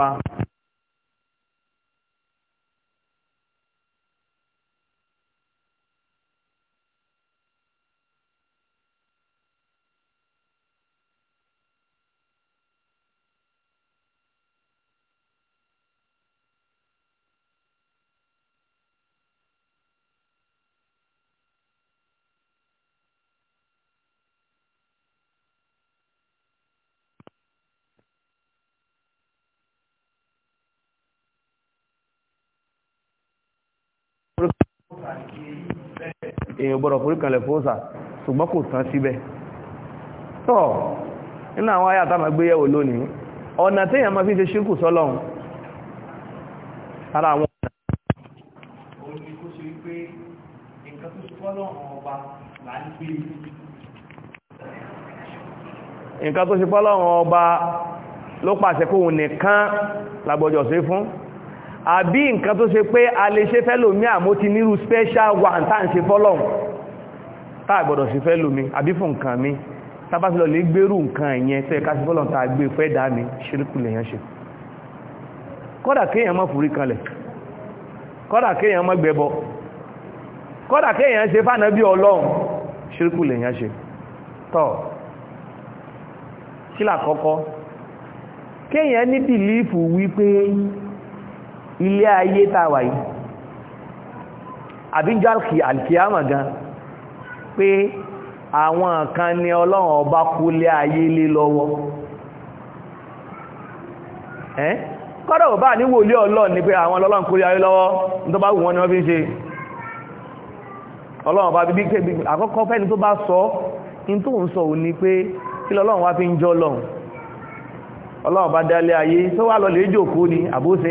apá èyàn gbọ́dọ̀ forí kanlẹ̀ fóòsà ṣùgbọ́n kò tán síbẹ̀ tọ́ nínú àwọn ayé àtàmà gbéyẹ̀wò lónìí ọ̀nà tí èyàn máa fi ṣe ṣírkù sọ́lọ́run ara àwọn ọ̀nà nǹkan tó ṣe pọ́lọ́run ọba ló pàṣẹ kóhun nìkan làgbọ́jọ̀ sí fún àbí nǹkan tó ṣe pé a lè ṣe fẹ́lòmí àmó ti nírú special one tá à ń ṣe fọ́lọ̀ táà gbọ́dọ̀ ṣe fẹ́lòmí àbí fún nǹkan mi tábásílọ̀ lè gbérù nǹkan ìyẹn tẹ́ ká sí fọ́lọ̀ tàà gbé fẹ́ dá mi ṣírìkù lèyàn ṣe kódà kéèyàn má forí kanlẹ̀ kódà kéèyàn má gbẹbọ kódà kéèyàn ṣe fánàbí ọlọ́run ṣírìkù lèyàn ṣe tọ́ kí làkọ́kọ́ kéèyàn ní bìlífù wípé ilé ayé tàwà yìí àbíjọ́ alkiyama gan pé àwọn kan ni ọlọ́run ọba kú lé ayé lé lọ́wọ́ ẹ́ kọ́dọ̀ bá ní wòlé ọlọ́run ni pé àwọn ọlọ́run kú ayé lọ́wọ́ tó bá wù ni wọ́n fi ṣe ọlọ́run bá sọ in tó ń sọ pé kí lọ́lọ́run wá fi ń ayé tó lọ ni àbóṣe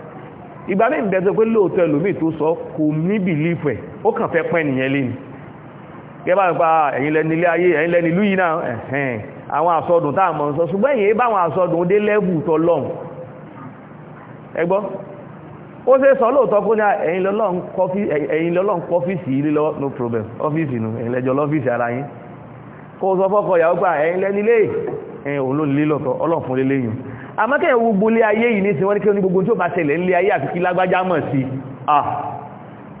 ìgbà mí ìbẹ̀ẹ́sọ pé lóòótọ́ ẹlòmíì tó sọ kò ní bìlífù ẹ̀ ó kàn fẹ́ pẹ́ nìyẹn lẹ́nu gẹ́bà nípa ẹ̀yin lẹ́ni ilé ayé ẹ̀yin lẹ́ni ìlú yìí náà ẹ̀hẹ́n àwọn àsọdùn táà mọ̀ sọ ṣùgbọ́n èyí bá àwọn àsọdùn dé lẹ́bù tọlọ́hun ẹ gbọ́ ó ṣe sọ lóòótọ́ kó ní ẹ̀yin lọ́lọ́hun kọ́fíìsì ilé lọ no problem ọ́fíìsì nu ẹ̀yin lẹ́jọ́ lọ́fíìsì ara yín kó sọ fọ́kọ ìyàwó gbà ẹ̀yin lẹ́ni ilé ẹ̀yin òun ló nílé lọ́tọ̀ ọlọ́fun lélẹ́yìn àmọ́kẹ́ gbogbo ilé ayé yìí ní tiwọn ní kí ní gbogbo tí ó bá ṣẹlẹ̀ ilé ayé àti kí lágbájá mọ̀ sí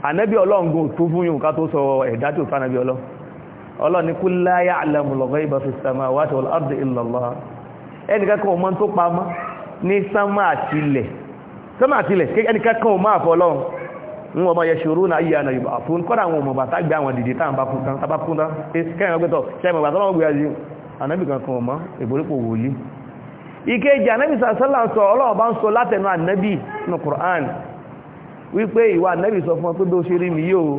ànábì ọlọ́ngun tó fún yín ká tó sọ ẹ̀dá tó fánàbí ọlọ́run ní kul la ya'lamul ghayba fis samawati wal ardi illa Allah ẹnìkankan ọmọ tó pamọ́ ní sánmà àtilẹ̀ sánmà àtilẹ̀ ẹnìkankan ọmọ àfọlọ́run ń wọ́n ma yẹ ṣòro náà yíya náà yìí fún kọ́dà àwọn ọmọ bàtà gbé àwọn dìde táwọn bá kún tán tábà kún tán kẹ́yìn ọgbẹ́tọ̀ ṣẹ́yìn bàtà ọmọ gbé ànábì kankan ọmọ ìgbòrípò wòlíì ìkéjì ànábì sàṣẹ́là ń sọ ọlọ́wọ́ bá ń sọ látẹnu ànábì ní Qur'an wípé ìwà ànábì sọ fún ọ pé bí ó ṣe rí mi yóò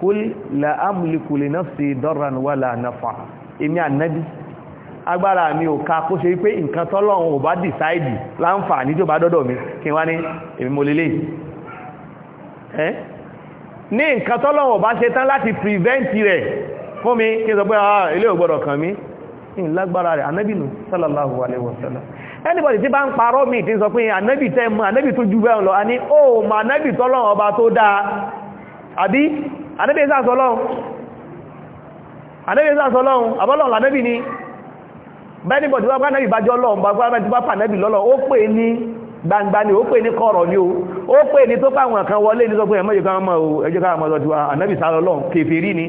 kul la amliku li nafsi darran wala nafa èmi ànábì agbára mi ò ká kó ṣe wípé nǹkan tọ́lọ́run ò bá dìsáìdì láǹfààní tí ó bá dọ́dọ̀ mi kí wá ní èmi mo lélẹ̀ ẹ́ ní nǹkan tọ́lọ́run ò mi in lágbára rẹ̀ anábì nù sallallahu alaihi wasallam anybody tí bá ń parọ́ mi tí ń sọ pé anábì tẹ́ mú anábì tó ju bẹ́ẹ̀ lọ a ní ó ma anábì tọ́lọ́run ọba tó dáa àbí anábì ń sàsọlọ́run anábì ń sàsọlọ́run àbọ́lọ́run anábì ni bẹ́ẹ̀ni bọ̀ tí wọ́n bá anábì bá jọ lọ́run bá gbá tí wọ́n pa anábì lọ́lọ́ ó pè ní gbangba ni ó pè ní kọ̀rọ̀ ni ó ó pè ní tó pàwọn kan wọlé ní sọ pé ẹ̀mọ́ ìjọ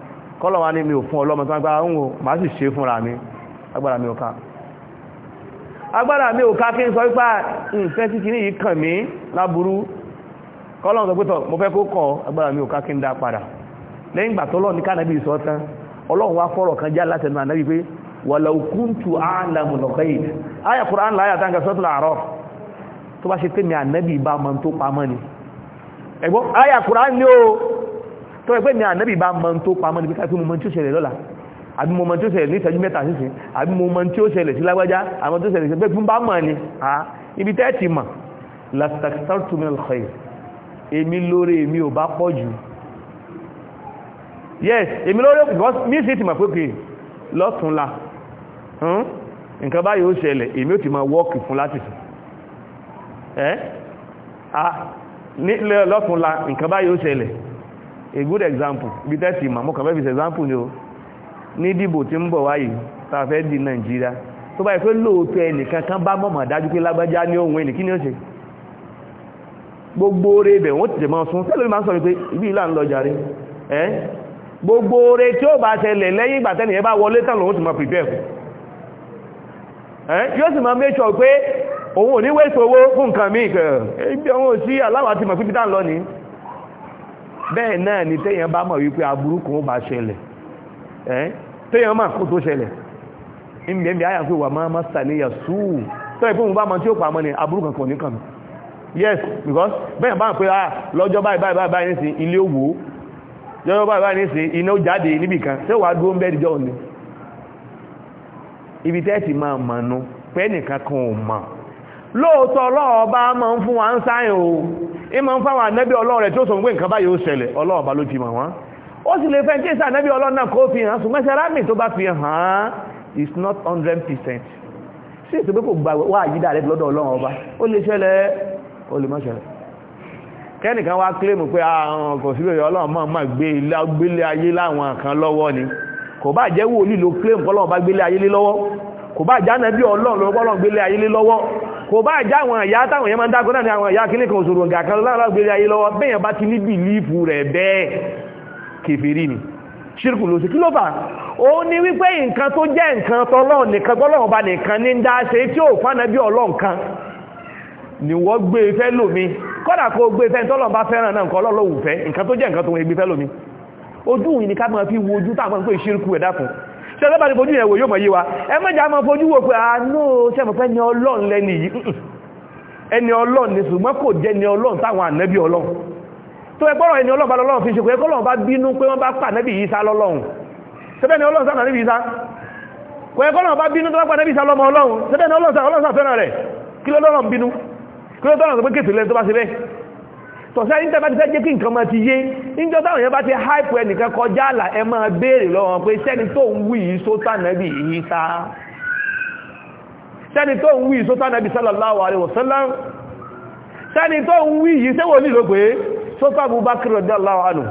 kọ́lọ̀ wá ní mi ò fún ọlọ́mọ tó agbára ń wo máa sì ṣe fúnra mi agbára mi ò ká agbára mi ò ká kí n sọ wípá ah, nǹkan tí kìíní yìí kàn mí láburú kọ́lọ̀ sọ pẹ́tọ̀ mo fẹ́ kó walau kuntu a'lamu al-ghaib Qur'an láyà táǹkà sọ́tún àárọ̀ tó bá ṣe pé mi ànábì bá mọ́ Qur'an ní o tó ẹgbẹ́ mi ànábì bá mọ́ tó pamọ́ níbi ká fún mọ́ tí ó ṣẹlẹ̀ lọ́la àbí mọ́ tí ó ṣẹlẹ̀ ní ìṣẹ́jú mẹ́ta sísìn àbí mọ́ tí ó ṣẹlẹ̀ sí lágbájá àwọn tó ṣẹlẹ̀ pé fún bá mọ̀ ni ibi tẹ́ẹ̀tì mọ̀ lastakstartu min alkhair èmi lórí èmi ò bá pọ̀ jù yes èmi lórí because mi sì ti mọ̀ pé pé lọ́túnla hmm? nǹkan báyìí ó ṣẹlẹ̀ èmi ò ti máa wọ́ọ̀kì fún láti fi ẹ́ lọ́túnla nǹkan báyìí ó ṣẹlẹ̀ a good example bí tẹ́sì ìmọ̀ mọ́ example ni o ní dìbò tí ń bọ̀ wáyé tá fẹ́ di tó bá ìfẹ́ lóòótọ́ ẹnìkan kan bá mọ̀mọ̀ dájú pé lágbájá ní ohun ẹnì kí ni ó ṣe gbogbo oore ibẹ̀ wọ́n tẹ̀lé máa sún tẹ́lẹ̀ máa sọ pé ibi ìlà ń lọ jàre ẹ́ gbogbo oore tí ó bá lẹ́yìn ìgbà ẹ bá wọlé tán bẹ́ẹ̀ náà ni téèyàn bá mọ̀ wípé aburú bá ṣẹlẹ̀ ẹ́ téèyàn mọ̀ kó tó ṣẹlẹ̀ ìmìẹ̀mì àyà pé máa má sàléyà súù tó bá mọ̀ tí ó pàmọ́ ni aburú kankan ní because bẹ́ẹ̀ bá pé ah lọ́jọ́ báyìí báyìí báyìí ní sí ilé òwò kan ṣé ọlọ́ọ̀ bá máa fún wa ń sáyìn o ìmọ̀ ń fáwọn ànẹ́bí ọlọ́run rẹ̀ tí ó sọ pé nǹkan báyìí ó ṣẹlẹ̀ ọlọ́run bá ló ti mọ̀ wọ́n ó sì lè fẹ́ tí èsà ànẹ́bí ọlọ́run náà kó fi hàn ṣùgbọ́n ṣe rámì tó bá fi hàn is not hundred percent sí ètò pé kò gba wá àyídà rẹ̀ lọ́dọ̀ ọlọ́run ọba ó lè ṣẹlẹ̀ ó lè má ṣẹlẹ̀ kẹ́nìkan wá kílèmù pé àwọn ah, kò síbẹ̀ ọlọ́run máa máa gbé ilé ayé láwọn kan lọ́wọ́ ni kò bá jẹ́ wòlíì ló kílèmù kọ́lọ́run bá gbélé ayé lé lọ́wọ́ kò bá jẹ́ ànẹ́bí ọlọ́run lọ́wọ́ gbélé ayé lé lọ́wọ́ kò bá ìjá àwọn ìyá táwọn èèyàn máa ń dákọ́ náà ni àwọn ìyá kílé kan òṣòro ǹgà kan lágbèrè ayé lọ́wọ́ bẹ́yàn bá ti ní bìlífù rẹ̀ bẹ́ẹ̀ kèfèrí ni ṣírkù ló sí kí ló fà ó ní wípé nǹkan tó jẹ́ nǹkan tọ́lọ́run nìkan gbọ́lọ́run bá nìkan ní dá ṣe ni wọ́n gbé e fẹ́ lómi kọ́dà tẹ́lẹ́bà ní fojú ẹ̀wò yóò mọ̀ yí ẹ mẹ́jà máa fojú wò pé àánú ah, sẹ́mọ̀fẹ́ ni ọlọ́run lẹ́ni yìí ẹni ọlọ́run ni ṣùgbọ́n kò jẹ́ ni ọlọ́run táwọn ànẹ́bí ọlọ́run tó ẹgbọ́rọ̀ ẹni ọlọ́run bá lọ́lọ́run fi ṣe pé kọ́lọ́run bá bínú pé wọ́n bá pà nẹ́bí yìí sá lọ́lọ́run sẹ́bẹ̀ ni ọlọ́run sáà nẹ́bí yìí sá kò ẹgbọ́rọ̀ bá bínú tó bá pà nẹ́bí sá lọ́mọ ọlọ́run sẹ́bẹ̀ ni ọlọ́run sáà fẹ́ràn rẹ̀ kí lọ́lọ́run bínú kí lọ́lọ́run sọ tọ̀sẹ́ ní tẹ́bá ti fẹ́ jẹ́ kí nǹkan máa ti yé níjọ́ táwọn èèyàn bá ti háìpù ẹnìkan kọjá àlà ẹ máa béèrè lọ́wọ́ pé sẹ́ni tó ń wí yìí sótà nàbì yìí sá sẹ́ni tó ń wí yìí sótà nàbì sallallahu alaihi wasallam sẹ́ni tó ń wí yìí sẹ́wọ̀ nílò pé sótà Abubakar radiyallahu anhu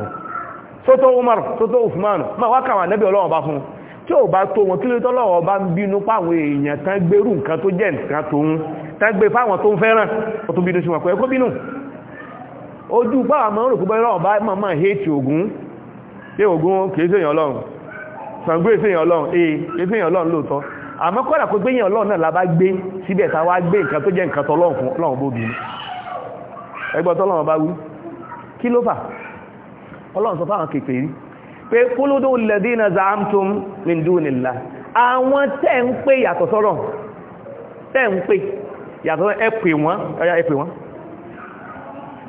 sótò Umar sótò Uthman ma wá kàwọn ànábì Ọlọ́run bá fún tí ò bá tó wọn kí ló tọ́lọ́wọ́ bá ń bínú fáwọn èèyàn tán gbérù nǹkan tó jẹ́ nǹkan tó ń tán gbé fáwọn tó ń fẹ́ràn ó tó bínú sí wọn pé kó bínú ojú pàwà mọ́ rò púpọ̀ ìrọ̀ bá mọ́ mọ́ hate Ògún pé Ògún kìí sí èèyàn Ọlọ́run Ṣàngó èsì èèyàn Ọlọ́run ee èsì èèyàn Ọlọ́run lóòótọ́ àmọ́ kọ́dà kó gbé èèyàn Ọlọ́run náà la bá gbé síbẹ̀ tá wá gbé nǹkan tó jẹ́ nǹkan tọ́lọ́run fún Ọlọ́run bóbi ẹgbọ́n tọ́lọ́run bá wí kí ló fà Ọlọ́run sọ fáwọn kèfèrí pé kúlúdó lẹ́dínà zaamtum min dunillah àwọn tẹ́ ń pè yàtọ̀ sọ́rọ̀ tẹ́ ń pè yàtọ̀ ẹ pè wọ́n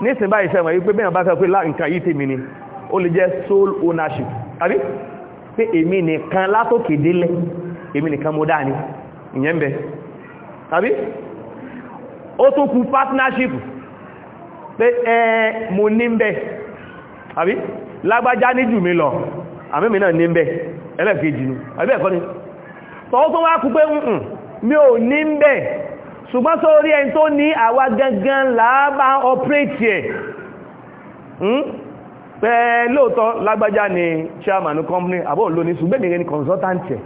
nísìn báyìí sẹ́wọ̀n yí pé bẹ́yàn bá sọ pé nǹkan yìí tèmi ni ó lè jẹ́ sole ownership àbí pé èmi nìkan látòkè délẹ̀ èmi nìkan mo dáa ni ìyẹn ń bẹ àbí ó tún kù partnership pé ẹ mo ní ń bẹ àbí lágbájá ní jù mí lọ àmì mi náà ní ń bẹ ẹlẹ́ẹ̀kejì ni àbí ẹ̀kọ́ ni tọ́wọ́ tó wá kú pé mi ò ní ń bẹ ṣùgbọ́n sórí ẹni tó ní àwa gangan láàbá ọpẹ́tì ẹ̀ hmm? pẹ́ lóòtọ́ lágbájá ni chairman company àbọ̀ ló ní ṣùgbẹ́mìnrin ni consultant ẹ̀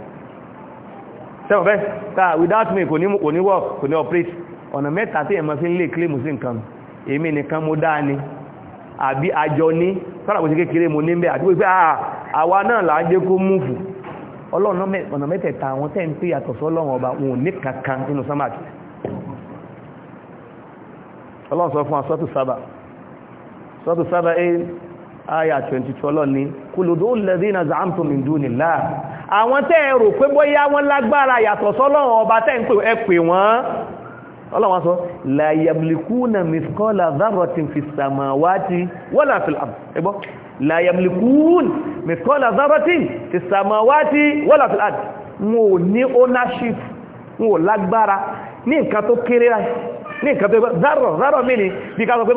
sẹ́wọ̀n fẹ́ ta without me kò ní kò ní work kò ní operate ọ̀nà mẹ́ta tí ẹ̀mọ́ fi ń lè claim sí nǹkan èmi nìkan mo dáa ni àbí àjọ ní sọ́ràbòsí kékeré mo ní bẹ́ àdúgbò pé ah, àwa náà là ń jẹ́ àwọn tẹ́ ń pè yàtọ̀ ọba wọn ò ní kankan nínú sámàtì ọlọ́run sọ fún wa sọ́tù sábà sọ́tù sábà ẹ́ àyà 22 ọlọ́run ní kùlùdó lẹ́dínà zàmtò min dunillah àwọn tẹ́ ẹ rò pé bóyá wọ́n lágbára yàtọ̀ sọ́lọ́run ọba tẹ́ ń pè wọ́n ọlọ́run sọ la yamlikuna mithqala dharratin fis samawati wala fil ard ẹ gbọ́ la yamlikun mithqala dharratin fis samawati wala fil ard ní nǹkan tó kéré ní nǹkan tó ẹgbẹ́ zárọ̀ zárọ̀ mí ni bí ká sọ pé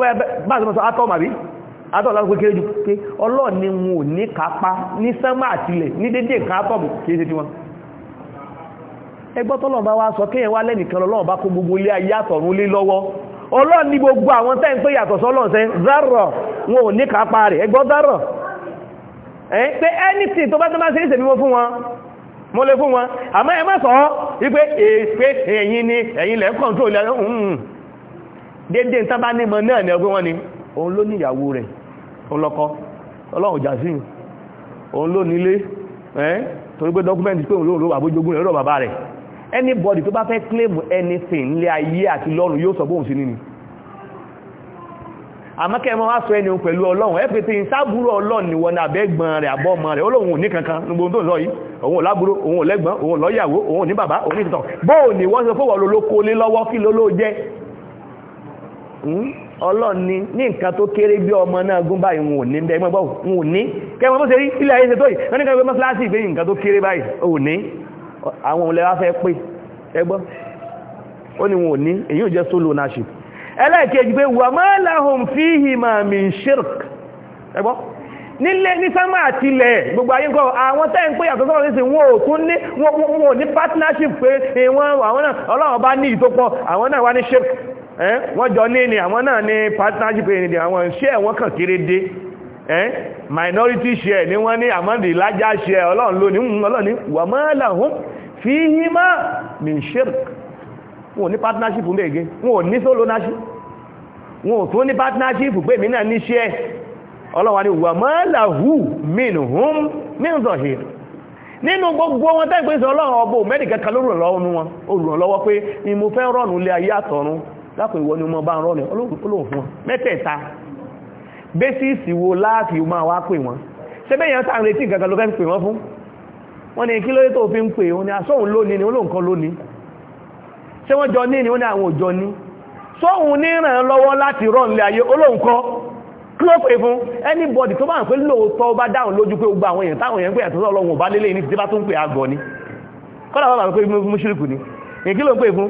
bá sọ atọ́m àbí atọ́m láti pé kéré jù pé ọlọ́ọ̀ ni wọn ò ní kápá ní sánmà àtìlẹ̀ ní dédé nǹkan atọ́m kìí ṣe tiwọn ẹgbọ́ bá wá sọ kéèyàn wá lẹ́nìkan lọ́wọ́ kó gbogbo ilé ayé àtọ̀run lé lọ́wọ́ ọlọ́ọ̀ ní gbogbo àwọn tẹ́ ń pé yàtọ̀ zárọ̀ wọn ò ní kápá rẹ̀ ẹgbọ́ zárọ̀ pé tó bá ẹ má sọ ọ́ wípé dédé tán bá nímọ̀ náà ní ọgbẹ́ wọn ni òun ló ní ìyàwó rẹ̀ ọlọ́kọ́ ọlọ́run jàzín òun ló nílé ẹ́ torí pé dọ́kúmẹ́ntì pé òun ló àbójógún rẹ̀ lọ́rọ̀ bàbá rẹ̀ anybody tó bá fẹ́ claim anything nílé ayé àti lọ́run yóò sọ bóhùn sí nínú àmọ́kẹ́ mọ́ wá sọ ẹni pẹ̀lú ọlọ́run ẹ́ pẹ̀tẹ̀ ìsáàbúrò ọlọ́run ni wọ́n abẹ́gbọ́n rẹ̀ àbọ́mọ rẹ̀ olóhun ní kankan ní gbogbo tó lọ yìí òun lábúrò òun lẹ́gbọ́n òun lọ́yàwó òun ní bàbá òun ní bóò ní wọ́n sọ fówọ̀ lólókó lé lọ́wọ́ kí lóló jẹ́ ọlọ́ni ní nǹkan tó kéré bí ọmọ náà gún báyìí wọn ò ní bẹ́ẹ̀ mọ́ wọn ò ní kẹwọn bó ṣe rí ilẹ̀ ayé ṣe tó yìí wọ́n ní kan gbẹ́mọ́ síláàsì ìgbé nǹkan tó kéré báyìí ò ní àwọn olẹ́wà fẹ́ pé ẹgbọ́ ó ní wọn ò ní èyí ò jẹ́ solo naship ẹlẹ́ẹ̀kejì pé wà máa láhùn fíhì máa mi ṣírk ẹgbọ́ nílé ní sánmà àtilẹ̀ gbogbo ayé nǹkan àwọn tẹ́ ń pè yàtọ̀ sọ́rọ̀ nísìn wọn ò tún ní wọn ò ní partnership pé àwọn náà ọlọ́run bá ní ìtópọ̀ àwọn náà wá ní ṣírk wọ́n jọ ní ni àwọn náà ní partnership ní àwọn share wọ́n kàn kéré dé minority share ni wọ́n ní àmọ́ the share ọlọ́run ló ní wà máa làhún fi hí má shirk wọn ní partnership ń bèègé wọn ní solo ownership wọ́n ò ní partnership pé mi náà ní share ní wà máa gbogbo wọn ọlọ́run mẹ́rin lórùn lọ́wọ́ pé ni ayé àtọ̀run lápò ìwọ ni ọmọ bá ń rọ́ ní olóhùn fún wọn mẹ́tẹ̀ẹ̀ta bẹ́sìsì wo láàfi máa wá pè wọ́n ṣe bẹ́yàn tá à ń retí nǹkan kan ló fẹ́ pè wọ́n fún wọ́n ní kí lóyè tó fi ń pè wọ́n ní asóhun ah, lónìí ni olóhùn kan lónìí ṣé wọ́n jọ ní ni wọ́n ní àwọn òjọ ní sóhun ní ràn lọ́wọ́ láti rọ̀ nílé ayé olóhùn kan kí ló pè fún anybody tó bá ń pè lóòótọ́ bá dáhùn lójú pé gbogbo àwọn èèyàn táwọn èèyàn pè àtúntò ọlọ́run ò bá lélẹ́yìn ní ti bá tó ń pè àgọ́ ni kọ́lá bàbá pé mú ṣírìkù ni èkí ló pè fún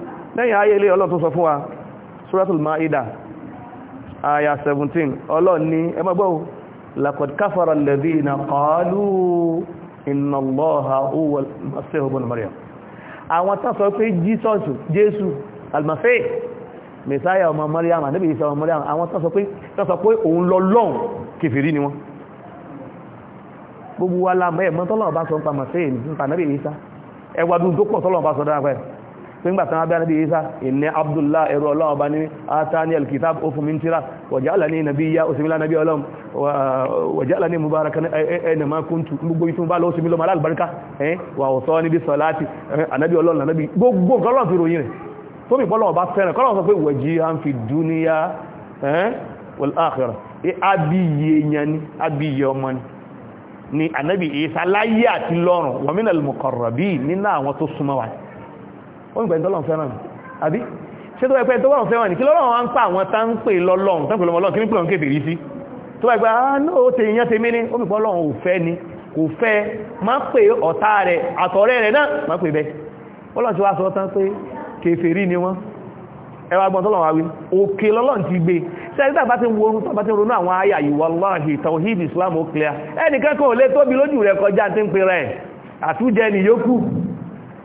lẹ́yìn ayé ilé ọlọ́run tó sọ fún wa suratul ma'ida aya 17 ọlọ́run ní ẹ má gbọ́ laqad kafara alladhina qalu inna allaha huwa al-masih ibn maryam àwọn tá sọ pé jesus jésù al-masih mẹ́sáyà ọmọ maryam ànábì isa ọmọ maryam àwọn tá sọ pé tá sọ pé òun lọ́lọ́run kèfèrí ni wọ́n gbogbo wa la mọ̀ ẹ̀ mọ́ tọ́lọ́run bá sọ nípa masih nípa ànábì isa tó pọ̀ tọ́lọ́run bá sọ dára fíngbà tán abẹ́ ànábì isa inni abdullah ẹ̀rọ ọlọ́wọ́ bá ní atani alkitab ó fún mi tíra wàjálà ní nabiyya òsìmílá nàbí ọlọ́m wàjálà ní mubaraka ẹ̀nà máa kúntù gbogbo ìtún bá lọ́wọ́ símílọ́ wà ọ̀sọ́ níbi sọ̀láti ànábì ọlọ́run ni abiyẹ isa láyé àti lọ́run wa minal muqarrabin nínú àwọn tó súnmọ́ wa ó ń gbẹ̀ntọ́ lọ́n fẹ́ràn àbí ṣé tó ẹgbẹ́ tó wà fẹ́ràn ní kí lọ́rọ̀ wọn ń pa àwọn tá ń pè lọ́lọ́run tán pèlọ́mọ́ lọ́run kí ní pèlọ́n kéde rí sí tó wà gbà á náà ó ti yán tèmi ní ó mìpọ́ lọ́run ò fẹ́ ni kò fẹ́ má pè ọ̀tá rẹ̀ àtọ̀rẹ́ rẹ̀ náà má pè bẹ́ ọlọ́run ti wá sọ tán pé kèfèrí ni wọ́n ẹwà gbọ́n tọ́lọ̀ wáwí òkè lọ́lọ́n ti gbé ṣẹ́gbẹ́ bá ti ń worun tọ́bá ti ronú àwọn ayà yìí wallahi tawhid islam ó clear ẹnìkan kan ò lè tóbi lójú rẹ̀ kọjá tí ń pè rẹ̀ àtújẹ nìyókù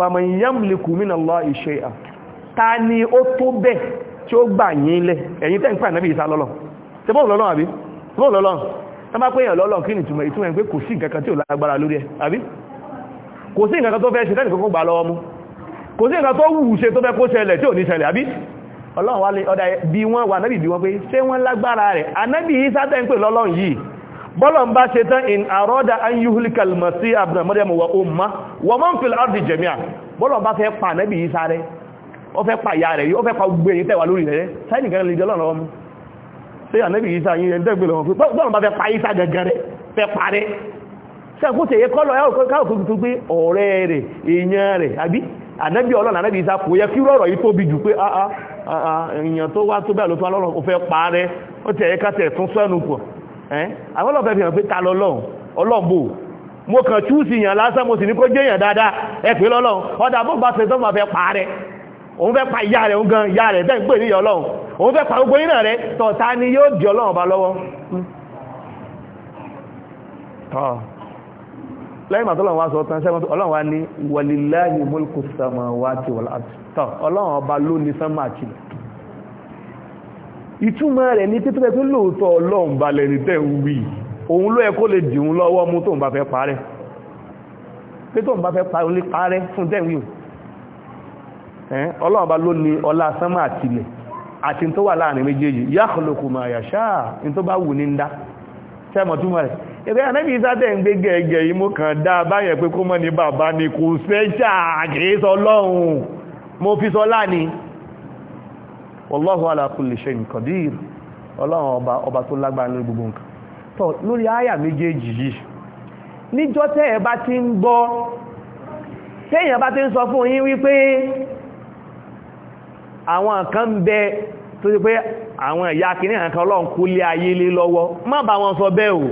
faman yamliku min Allah shay'a ta ni ó tó bẹ́ tí ó gbà yín lẹ̀ ẹ̀yin tẹ́ ń pè ànábì Ìsá lọ́lọ́ ṣe bọ́ọ̀ lọ́lọ́ àbí bọ́ọ̀ lọ́lọ́ tó bá pé èèyàn lọ́lọ́ kí ni ìtumọ̀ ìtumọ̀ ẹ̀ pé kò sí nǹkan kan tí ò lágbára lórí ẹ̀ àbí kò sí nǹkan kan tó fẹ́ ṣe tẹ́nì kọ́kọ́ gbà lọ́wọ́ mú kò bọ́lọ̀ ń bá ṣe tán in àrọ́dà an yuhlikal masih ibn maryam wa umma wa man fil ardi jami'a bọ́lọ̀ bá fẹ́ pa nẹ́bì yìí sáré ó fẹ́ pa ìyá rẹ̀ yìí ó fẹ́ pa gbogbo èyí tẹ́wà lórí rẹ̀ sáyẹ̀ nìkan lè jọlọ́rọ̀ ọmọ sí ànẹ́bì yìí sá yìí ẹ̀dẹ́gbẹ̀ lọ́wọ́ fún bọ́lọ̀ bá fẹ́ pa yìí sá gẹ̀gẹ̀ rẹ̀ fẹ́ pa rẹ̀ sẹ́kúnṣe yẹ kọ́lọ̀ káàkó tuntun pé ọ̀rẹ́ rẹ̀ èèyàn rẹ̀ àbí àwọn ọlọ́fẹ́ fi hàn pé ta lọ́lọ́run ọlọ́mbò mo kàn túùsì yàn lásán mo sì ní kó jẹ́yàn dáadáa ẹ pé lọ́lọ́run ọ̀dà bó bá ṣe tó máa fẹ́ pa rẹ̀ òun fẹ́ pa ìyá rẹ̀ òun gan ìyá rẹ̀ bẹ́ẹ̀ ń pè níyà ọlọ́run òun fẹ́ pa gbogbo yín náà rẹ̀ tọ̀ta ni yóò di ọlọ́run ọba lọ́wọ́ lẹ́yìn màá tọ́lọ́run wá sọ tán sẹ́wọ́n ọlọ́run wá ní walillahi mulku samawati wal ard tán ọlọ́run ọba ló ní sánmà àtìlẹ̀ ìtumọ̀ rẹ̀ ní títúrẹ́ tó lóòótọ́ ọlọ́run balẹ̀ ní tẹ́ wí òun ló ẹ kó lè dìun lọ́wọ́ mú tóun bá fẹ́ parẹ́ pé tóun bá fẹ́ parẹ́ fún tẹ́wì ọlọ́run bá ló ní ọlá sánmà àtìlẹ̀ àti tó wà láàrin méjèèjì yakhluqu ma yasha tó bá wù ní ń dá sẹ́mọ̀ túmọ̀ rẹ̀ ẹgbẹ́ ànẹ́bí ìsáàtẹ̀ ń gbé gẹ̀ẹ́gẹ̀ yìí ni kò sẹ́ṣà àkèésọ mo fi wallahu ala kulli shay'in qadir ọlọ́run ọba ọba tó lágbára lórí gbogbo nǹkan tó lórí àyà méjèèjì yìí níjọ́ tẹ́yẹ̀ bá ti ń gbọ́ tẹ́yẹ̀ bá ti ń sọ fún yín wípé àwọn kan ń bẹ tó ti pé àwọn ìyá kìíní àǹkan ọlọ́run kú lé ayé lé lọ́wọ́ má bá wọn sọ bẹ́ẹ̀ o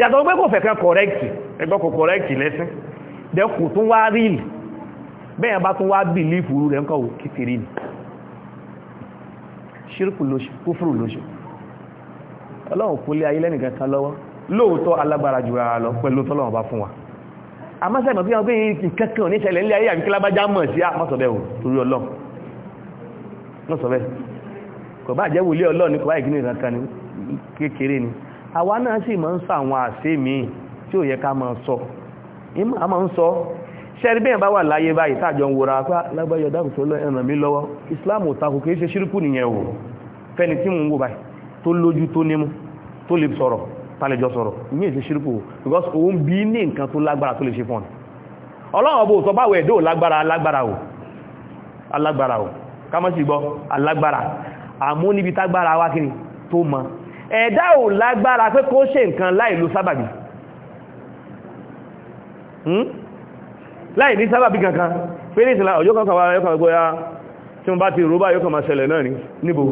yàtọ̀ pé kò fẹ́ kan correct ẹgbọ́ kò correct lẹ́sìn dẹ́kù tún wá rí bẹ́yàn bá tún wá bìlífù rẹ̀ ń kọ̀wò kìtìrì nìí ṣírkù lóṣù kúfùrù lóṣù ọlọ́run lé ayé lẹ́nìkan kan lọ́wọ́ lóòótọ́ alágbára jù ara lọ pẹ̀lú tọ́lọ́run bá fún wa àmásẹ́mọ̀ bí wọ́n bí kankan ní ṣẹlẹ̀ ilé ayé àbíkílábájá mọ̀ sí àmọ́sọ̀bẹ̀ ah, ọlọ́run ní ní ni ṣẹ́rí bẹ́ẹ̀ bá wà láyé báyìí tàjọ ń wòrán apá ah, lágbàáyọ̀ dákùsọ́lọ́ ẹ̀ràn mi lọ́wọ́ Islam ò takò kìí ṣe ṣírìkù nìyẹn o fẹ́ni tí mò ń wò báyìí tó lójú tó nímú tó lè sọ̀rọ̀ tàlẹ̀jọ sọ̀rọ̀ ìyẹn ṣe ṣírìkù o because òun bí ní nǹkan tó lágbára tó lè ṣe fún ọ ọlọ́run ọbọ̀ sọ báwẹ̀ ẹ̀dọ́ lágbára alágbára o alágbára o kámọ́ sì gbọ́ alágbára àmọ́ níbi tágbára wá kiri tó mọ ẹ̀dá ò lágbára pé kó ṣe nǹkan láì lo sábàbí hmm? láì ní sábàbí kankan pé ní ìsìnlá ọjọ́ kankan wára yọ́kàn gbóyá tí wọ́n bá ti rúbá yọ́kàn máa ṣẹlẹ̀ náà ní níbo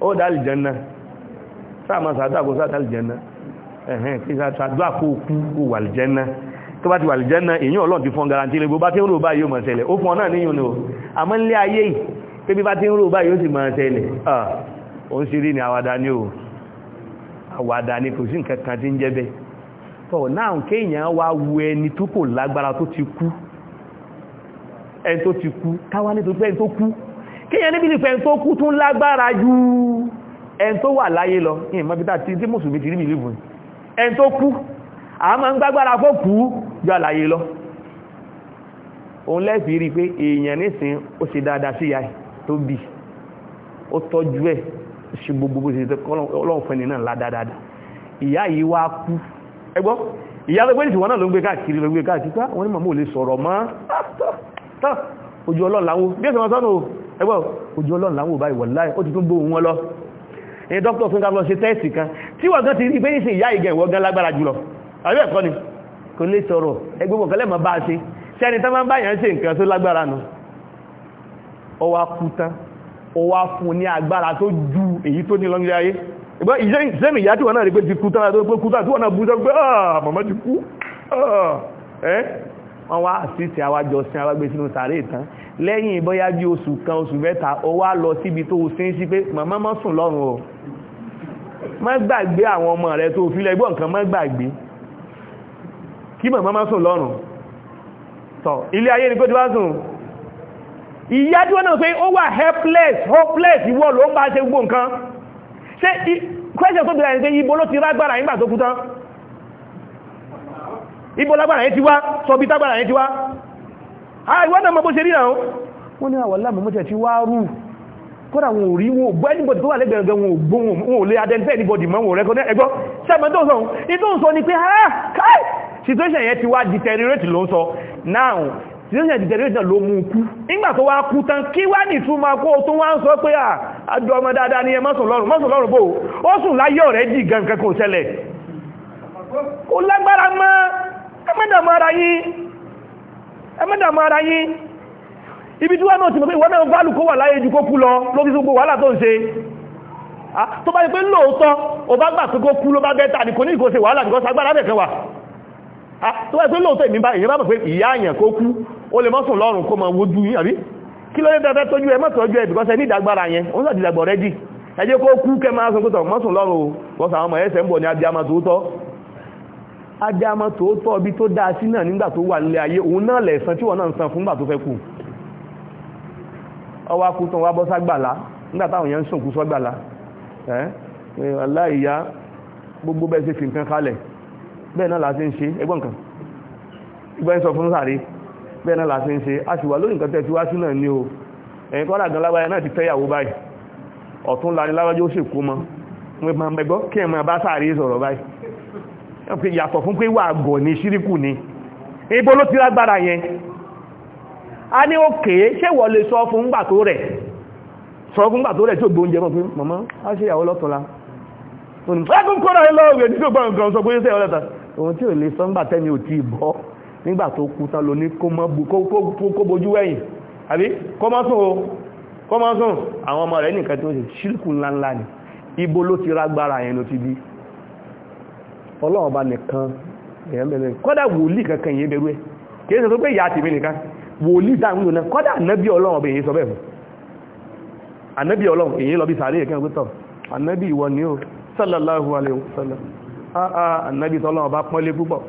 ó dálì jẹ́nà sáàmà sàádàkó sáàdálì jẹ́nà ẹ̀hẹ́n kí sàádàkó kú wà jẹ́nà tó bá ti wà jẹ́nà èyàn ọlọ́n ti fún garanti lè bá tí ń rúbá yóò máa ṣẹlẹ̀ ó fún ọ náà níyùn ni ó àmọ́ nílé ayé yìí pé bí bá ti ń rúbá yóò sì máa ṣẹlẹ̀ ah, ó ń ni àwàdà ni ó àwàdà ni kò sí nǹkan so now kéèyàn wa wu ẹni tó kò lágbára tó ti kú ẹni tó ti kú káwá ní tó pẹ́ tó kú kéèyàn níbi nípa ẹni tó kú tún lágbára ju ẹni tó wà láyé lọ ìyẹn mọ́bí tá tí mùsùlùmí ti rí mi lébùn ẹni tó kú àmọ́ ń gbágbára fó kú ju àlàyé lọ ya tó bí ìyá yìí wá kú ẹgbọ́ ìyá tó gbé nìtì wọn náà ló ń gbé káàkiri ló ń gbé káàkiri pá wọn ní màmú ò lè sọ̀rọ̀ mọ́ tán ojú ọlọ́run láwọ́ bí ẹ̀sìn wọn sọ́nà o ẹgbọ́ ojú ọlọ́run láwọ́ báyìí wọ̀ láì ó ti tún gbóhùn wọn lọ ẹ dókítà fún káfíńsì ṣe tẹ́ẹ̀sì kan tí wọ́n gan ti rí pé ní sin ìyá ìgẹ̀ ìwọ gan lágbára jùlọ àbí ẹ̀kọ́ ni kò lè sọ̀rọ̀ ẹgbẹ́ wọn a ṣe ṣé ẹni tán máa ń bá yẹn ṣe nǹkan tó lágbára nù ọwọ́ akú tán ọwọ́ afún ní agbára tó ìbá ìsẹ́mì ìyá tí wọ́n náà rí pé ti kú tánà tó pé kú tánà tí wọ́n náà bú sọ pé àà ah, màmá ti kú ah, ẹ́ wọ́n wá àṣìṣe àwájọ sí awágbé sínú sàárè ìtàn lẹ́yìn ìbọ́yá bí oṣù kan oṣù mẹ́ta ó wá lọ síbi tó sí sí pé màmá má sùn lọ́rùn o má gbàgbé àwọn ọmọ rẹ tó fi lẹ́gbọ́n nǹkan má gbàgbé kí màmá má sùn lọ́rùn tọ́ ilé ayé ni kó ti wá sùn ìyá tí wọ́n náà pé ó wà helpless hopeless ìwọ ló ń bá ṣe gbogbo nǹkan ṣe kwẹ́sẹ̀ tó bẹ̀rẹ̀ ní pé ibo ló ti rágbára nígbà tó kú ibo ti wá sọbi tágbára yẹn ti wá àìwọ́n náà mọ́ bó ṣe rí àwọn wọ́n ní àwọ̀lá ah, mọ́mọ́tẹ̀ ti wá rú kọ́nà wọn ò rí wọn ò gbọ́ anybody tó wà lẹ́gbẹ̀rẹ̀ wọn ò gbọ́ wọn ò lè identify anybody mọ́ wọn rẹ́kọ́ ẹgbọ́ sẹ́mọ̀ tó sọ sọ ni pé ha ah, kai situation yẹn ti wá deteriorate ló ń sọ now situation deteriorate ló mú kú nígbà tó wá kú tán kí wá sọ pé ah àjọ ọmọ dáadáa ní ẹ mọ́sùn lọ́rùn mọ́sùn lọ́rùn bò ó sùn láyọ̀ rẹ̀ jì gankan kò ṣẹlẹ̀ kò lágbára mọ́ ẹmẹ́dàmú ara yín ẹmẹ́dàmú ara yín ibi tí wọ́n náà ti mọ̀ pé ìwọ́n náà válù kó wà láyé ju kó kú lọ lórí gbogbo wàhálà tó ń ṣe ah, tó bá yẹ pé lóòótọ́ o bá gbà pé kó kú ló bá bẹ́ta ní kò ní ìkóse wàhálà nìkan sagbára bẹ̀kẹ́ wà ah, tó bá yẹ pé lóòótọ́ ìyẹn bá mọ̀ pé ìyá àyàn kó kú ó lè mọ́sùn lọ́rùn kó mọ̀ wojú yín àbí kí ló ní tẹ́tẹ́ tójú ẹ mọ́tọ́jú ẹ bìkọ́sẹ̀ ní ìdágbára yẹn ó sàti ìdàgbọ̀ rẹ́dì ẹ jẹ́ kó kú kẹ́ máa sọ pẹ́tọ̀ mọ́sùn lọ́rùn o bọ́sà àwọn ọmọ ẹ̀ẹ́sẹ̀ ń bọ̀ ní abiyamọ tòótọ́ abiyamọ tòótọ́ bí tó dáa sí náà nígbà tó wà nílé ayé òun náà lẹ̀san tí wọ́n náà ń san fúngbà tó fẹ́ kú ọwọ́ akú tán wá bọ́ ságbàlá nígbà táwọn yẹn kú la ṣe ń ṣe ẹgbọ́n kan bẹ́ẹ̀ láti ń ṣe a sì wà lórí nǹkan tẹ́ ti wá sí náà ní o ẹ̀yìn kọ́lá gan lágbáyé náà ti fẹ́yàwó báyìí ọ̀tún la ní láwájú ó sì kú mọ́ wọ́n máa mẹ́gbọ́ kí ẹ̀ máa bá sáré sọ̀rọ̀ báyìí yàtọ̀ fún pé wà gọ̀ ní ṣíríkù ni ibo ló ti lágbára yẹn a ní òkè ṣé wọ́n lè sọ fún gbà tó rẹ̀ sọ fún gbà tó rẹ̀ tí ó gbóúnjẹ mọ́ pé màmá á ṣe ìyàwó lọ́tọ̀ọ́la òun tí ò lè sọ ń gbà tẹ́mi ò tí bọ́ nígbà tó kú tán ló ní kó bojú wẹ̀yìn àbí kó má sùn o kó má sùn àwọn ọmọ rẹ̀ nìkan tó ṣe ṣílùkù ńláńlá ni ibo ló ti rágbára yẹn ló ti bí ọlọ́ọ̀ba nìkan èèyàn bẹ̀rẹ̀ kọ́dà wòlíì kankan yẹn bẹ̀rù ẹ̀ kìí ṣe tó pé ìyá tèmi nìkan wòlíì dáhùn náà kọ́dà ànábì ọlọ́run ọbẹ̀ èyí sọ bẹ́ẹ̀ fún ànábì ọlọ́run èyí lọ bí sàárè ẹ̀kẹ́ pẹ́tọ̀ ànábì ìwọ ni ó sallallahu alaihi wasallam ah, ah, ànábì tọ́lọ́run ọba pọ́nlé púpọ̀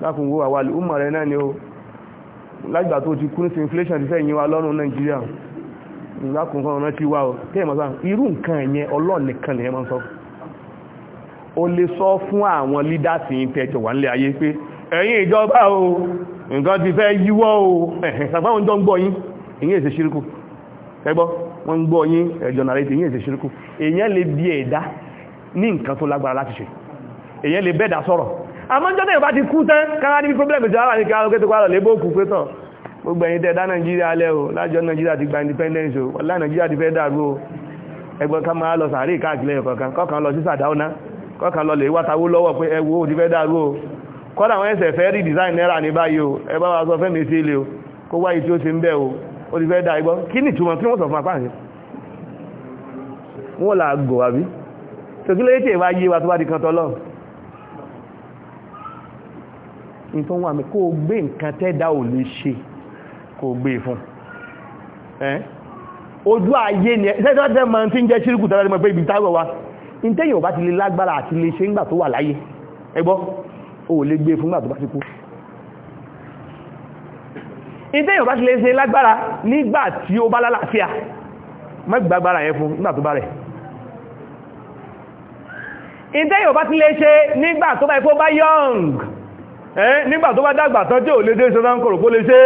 lákùn wo àwa alùmọ̀ rẹ̀ náà ni ó lágbà tó ti kú ní inflation ti fẹ́ yín lọ́rùn Nàìjíríà lákùn kan rántí wá o kí sáà irú nǹkan ẹ̀yẹ máa o lè sọ fún àwọn leaders yìí tẹ́jọ wà nílẹ̀ ayé pé o nǹkan ti fẹ́ yíwọ́ o jọ ń gbọ́ yín ìyẹn wọn ń gbọ́ yín nàrẹ́tì ìyẹn àmọ́jọ́tẹ̀ ìbá ti kú tán kára níbi problem ti wà ní kára lókè tó kọ́ àrọ̀lẹ́ bó kú pé tán gbogbo ẹ̀yin tẹ́ dá nàìjíríà alẹ́ o lájọ́ nàìjíríà ti gba independence o ọ̀lá nàìjíríà ti fẹ́ dàrú o ẹgbọ́n ká máa lọ sàárè káàkiri kọ̀ọ̀kan kọ́kan lọ sí sàdáúná kọ́kan lọ lè wátawó lọ́wọ́ pé ẹwọ́ ò ti fẹ́ dàrú o kọ́dà àwọn ẹsẹ̀ fẹ́ rí design náírà ní báyìí o ẹ bá wa sọ fẹ́ mi sí ilé o kó wáyé tí ó ti ń bẹ̀ o ó ti fẹ́ dà ẹgbọ́n kí ni ìtumọ̀ tí wọ́n sọ fún apá yẹn wọ́n là á gò àbí tòkí lóye tí èèwà yé tó bá di kan tọ́lọ́run ní tó wà mí kó gbé nǹkan tẹ́dá ò lè ṣe kó gbé e fún ojú ayé ni ẹ́sẹ́sẹ́ ma ti ń jẹ́ ṣíríkù tẹ́lá ní mọ̀ pé ibi táwọ̀ wa ní tẹ́yìn ò bá ti lè lágbára àti lè ṣe ńgbà tó wà láyé ẹgbọ́ ò lè gbé e fún gbà tó bá ti kú ní tẹ́yìn ò bá ti lè ṣe lágbára nígbà tí ó bá lálàáfíà má gbàgbára yẹn fún nígbà tó bá rẹ̀ ní ẹ́ nígbà tó bá dàgbà tán tí ò lè dé sọ́dán kòrò kó lè ṣe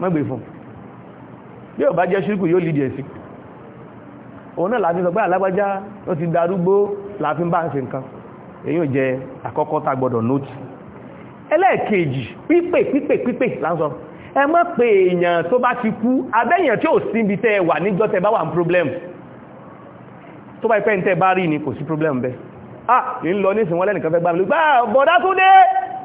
mọ́gbè fún bí ò bá jẹ́ ṣíríkù yóò lìdí ẹ̀sí òun náà láti sọ alágbájá ó ti darúgbó láàfin bá ń ṣe nǹkan èyí jẹ àkọ́kọ́ ta gbọ́dọ̀ nóòtù ẹlẹ́ẹ̀kejì pípè pípè pípè láńsọ ẹ má pe èèyàn tó bá ti kú abẹ́yàn tí ò síbi tẹ́ wà níjọ́ tẹ́ bá wà problem tó bá ipẹ́ tẹ́ bá rí ni kò sí problem bẹ́ẹ̀ ah lọ nísìnyí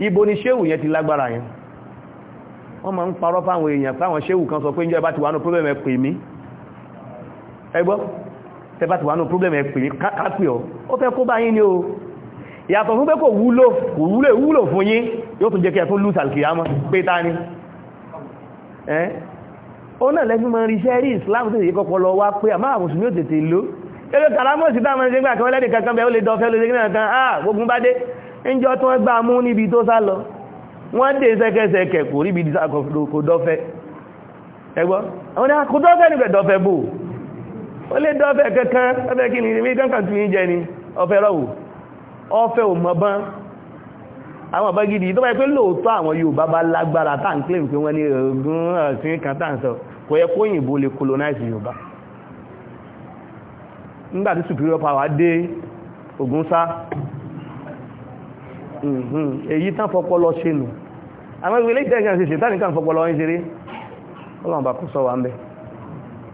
ibo ni ṣéwù yẹn ti lágbára yẹn wọ́n ma ń parọ́ fáwọn èèyàn fáwọn ṣéwù kan sọ pé ìjọba ti wà ní problem ẹ pè mí ẹgbọ́ tẹbá ti wà ní problem ẹ pè mí kápẹ́ ọ ó fẹ́ kó bá yín ni o ìyàtọ̀ fún pé kò wúlò kò wúlò wúlò fún yín yóò tún jẹ́ kí ẹ tún lùsà kìyàmọ́ pé ta ni ẹ́ ó náà lẹ́fí mọ́ rí sẹ́rí Islam tètè kọ́kọ́ lọ wá pé àmáà mùsùlùmí ò tètè ló eré kàlámọ́sí táwọn ẹgbẹ́ àkọọ́lẹ́dẹ̀ kankan bẹ́ẹ̀ ó lè dọ́fẹ́ lóṣèlú kan ah gbogbo bá dé níjọ́ tí wọ́n gbá mú níbi tó sá lọ wọ́n dé sẹ́kẹ́sẹ́kẹ́ kò ríbi kò ni kò dọ́fẹ́ nígbẹ̀ dọ́fẹ́ bò ó lè dọ́fẹ́ kankan ni ní kankan tún yí jẹ ni ọfẹ́ rọ̀wò ọfẹ́ ò mọ̀ bán àwọn ọ̀bá gidi tó báyìí pé lóòótọ́ àwọn Yorùbá bá lágbára tá ń claim pé wọ́n Mhm. èyí tán fọpọlọ ṣe nù àwọn ìwé lẹ́yìn tẹ́gàn ṣe ṣètàn nìkan fọpọlọ ń ṣeré ọlọ́run bá kó sọ wa ń bẹ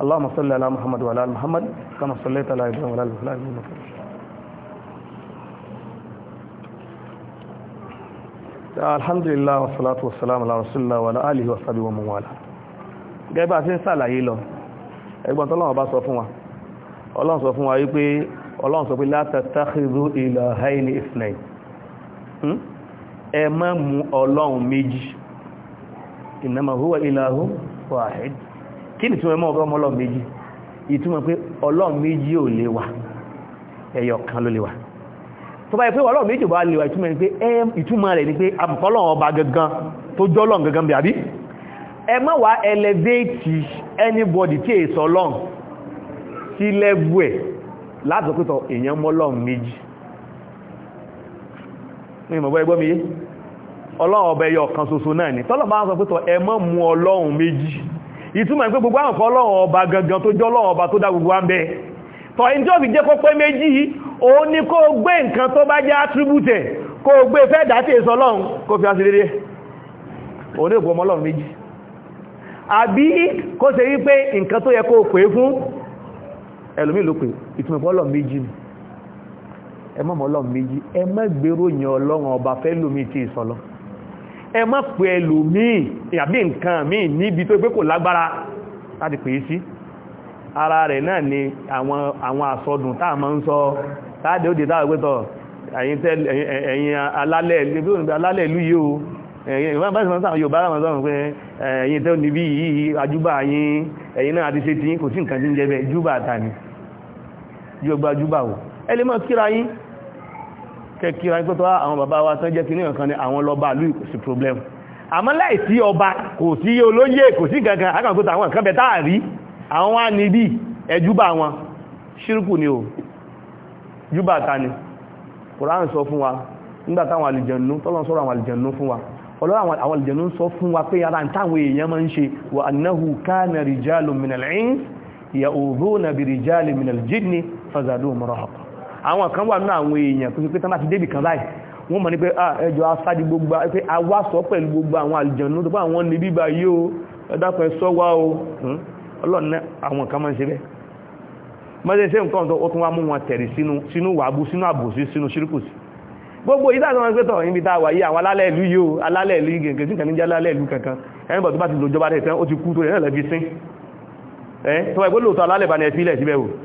اللهم صل على محمد وعلى ال محمد كما صليت على ala rasulillah wa ala alihi wa sahbihi wa man wala gẹ́gẹ́ bá ṣe ń ṣàlàyé lọ ẹgbọ́n tọ́lọ́wọ́ bá sọ fún wa ọlọ́run sọ fún wa wípé ọlọ́run sọ pé la tatakhidhu ilahaini ithnayn Hmm? ẹ má mú ọlọ́run méjì innama huwa ilahu wahid kí ni túnmọ̀ ọgọ́ ọmọ ọlọ́run méjì ìtumọ̀ pé ọlọ́run méjì ò lè wà ẹyọ kan ló lè wà tó bá yẹ pé ọlọ́run méjì bá lè wà ìtumọ̀ pé ìtumọ̀ rẹ̀ ni pé àbùkọ́lọ́run ọba gangan tó jọ́ ọlọ́run gangan bí àbí ẹ má wá elevate anybody tí èso ọlọ́run sí level ẹ̀ látọ̀pẹ́tọ̀ èèyàn mọ́ ọlọ́run méjì ní ìmọ̀gbọ́ mi yé ọlọ́run ọba náà ni tọ́lọ̀ bá ń sọ pé tọ ẹ mọ́ mú ọlọ́run méjì ìtumọ̀ ìpé gbogbo àwọn ọlọ́run ọba gangan tó jọ ọlọ́run ọba tó dá gbogbo àmbẹ tọ ẹni tí ó fi jẹ́ méjì yìí òun ni kó gbé nǹkan tó bá jẹ́ attribute kó gbé e fẹ́ dàtí èso ọlọ́run kó fi aṣe dédé òun ní ìpò ọmọ ọlọ́run méjì àbí kó ṣe wípé nǹkan tó ẹ mọ́ ọlọ́run méjì ẹ má gbèrò yàn ọlọ́run ọba fẹ́ lómi tí ìsọ̀lọ́ ẹ má pè ẹlòmíì àbí nǹkan míì níbi tó pé kò lágbára láti pè é sí ara rẹ̀ náà ni àwọn àsọdùn táà máa ń sọ táàdé ó dé táà pẹ́tọ̀ ẹ̀yin alálẹ̀ ìlú yìí o ìwọ́n bá ṣe yóò bá ráwọn sọ́run pé ẹ̀yin tẹ́ níbi yìí ajúbà yìí ẹ̀yin náà àti ṣe tí kò sí nǹkan tí ń jẹ́ bẹ́ júbà tani yóò gbá júbà wò ẹlẹ́mọ̀ kíra yín kẹkíra yín pẹ́tọ́ àwọn bàbá wa tán jẹ́ kìnnìyàn kan ní àwọn lọ́ba àlú kò sí problem àmọ́ láì sí ọba kò sí olóyè kò sí gangan akàkóta àwọn nǹkan bẹ̀tà rí àwọn wá ní bí ẹjúbà wọn ṣírùkù ni o júbà ta ni Kùránì sọ fún wa nígbàtàwọn àlìjẹ̀nú tọ́lọ́n sọ́rọ̀ àwọn àlìjẹ̀nú fún wa ọlọ́rọ̀ àwọn àlìjẹ̀nú sọ fún wa pé minal jinni fazadum rahaqa àwọn kan wà nínú àwọn èèyàn tó fi pé tán láti débì kan báyìí wọ́n mọ̀ ní pé ẹjọ́ asádi gbogbo pé awá sọ pẹ̀lú gbogbo àwọn àlùjọ̀nù tó bá àwọn ní bíbá yí o ẹ̀dàpẹ̀ sọ wá o hmm? ọlọ́ni àwọn kan máa ń ṣe bẹ́ẹ̀ mọ́sẹ̀ ṣe nǹkan tó tún wá mú wọn tẹ̀rì sínú wàbú sínú àbòsí sínú ṣírkùsì gbogbo ìdájọ́ wọn pẹ́tọ̀ níbi tá a wà yí àwọn alálẹ̀ ìlú yìí o alálẹ̀ ìlú gẹ̀gẹ̀ sí kàníjà alálẹ̀ ìlú kankan ẹni bọ̀ tó bá ti lòjọba rẹ̀ tán ó ti kú tó rẹ̀ náà sín ẹ́ tọ́wọ́ ìgbólóòtọ́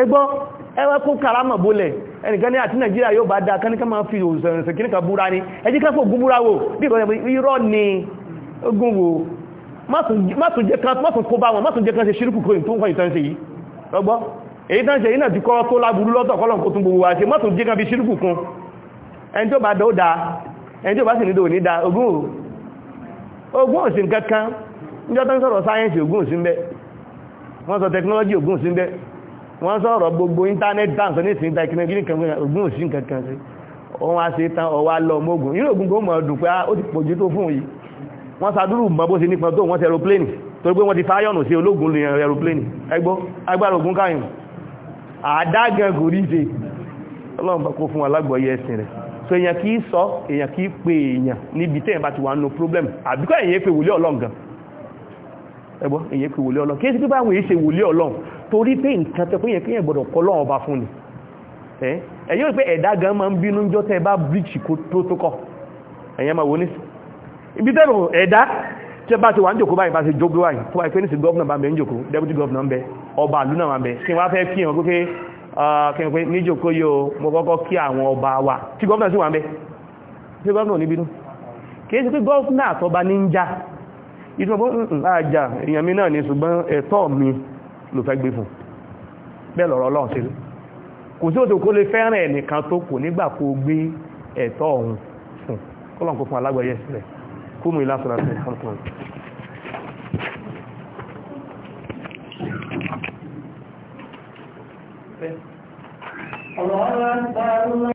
ẹgbọ́ ẹwẹ́ kó karamọ̀ bólẹ̀ ẹnìkan ní àti nàìjíríà yóò bá dáa kan ní ká máa fi òsèrìnsìn kí ní kan búra ní ẹjí ká fò gúnbúra wò bí ìkọ̀lẹ̀ irọ́ ni ogun wo mọ́tún kó bá wọn mọ́tún jẹ́ kan ṣe ṣírùkù kó ìtún kan ìtàn ṣe yìí ọgbọ́ èyí tán ṣe yìí náà ti kọ́ tó láburú lọ́tọ̀ kọ́lọ̀n kó tún gbogbo wa ṣe mọ́tún jẹ́ kan fi ṣírùkù kún ẹni tó bá dọ́ dáa ẹni tó bá sì nídò ní dáa ogun ogun òsìn kankan níjọ́ tán sọ̀rọ̀ sáyẹ́ǹsì ogun òsìn bẹ́ wọ́n sọ tẹkinọ́lọ́jì ogun òsìn bẹ́ wọ́n sọ̀rọ̀ gbogbo internet dance ní ìsìn ìdákiná gírí kan ogun òsì kankan sí wọ́n wá sí tán ọwá lọ mọ́gùn inú ogun gbogbo ọdún pé ah, ó ti pọ̀jú tó fún yìí wọ́n sàdúrù mọ́ bó ṣe nípa tó wọ́n ti aeroplane torí pé wọ́n ti fáyọ̀nù sí ológun lè aeroplane ẹgbọ́ agbára ogun káyùn àdágan gòríje ọlọ́run bá kó fún alágbọ̀ọ́yé ẹ̀sìn rẹ̀ so èèyàn kì í sọ èèyàn kì í pe èèyàn níbi tẹ́yìn bá ti wà nínú problem àbíkọ́ èèyàn pe wòlé ọlọ́run gan ẹgbọ́ èèyàn pe wòlé ọlọ́run kí é sí pípa àwọn èèyàn wòlé ọlọ́run torí pé nǹkan tẹ́ fún yẹn kí yẹn gbọ́dọ̀ kọ́ lọ́wọ́ bá fún ni ẹ̀yìn òpé ẹ̀dá gan máa ń bínú jọ tẹ́ bá bíríkì protocol ẹ̀yẹn máa wò ní ibi tẹ́rù ẹ̀dá tẹ́ bá ti wà ń jòkó báyìí bá ti jógbó wa tí gọ́ọ̀nà sì wà ń bẹ tí gọ́ọ̀nà ò ní bínú kì í ṣe pé gọ́ọ̀nà àtọba ní ń já ìtumọ̀ bó ń àjà èèyàn mi náà ní ṣùgbọ́n ẹ̀tọ́ mi ló fẹ́ gbé fún bẹ́ẹ̀ lọ́rọ̀ ọlọ́run ṣe rí kò sí òtò kó lè fẹ́ràn ẹnìkan tó kò nígbà kó gbé ẹ̀tọ́ ọ̀hún fún kọ́lọ̀ kó fún alágbẹ̀yẹ sílẹ̀ kó mú ilá sí ọ̀hún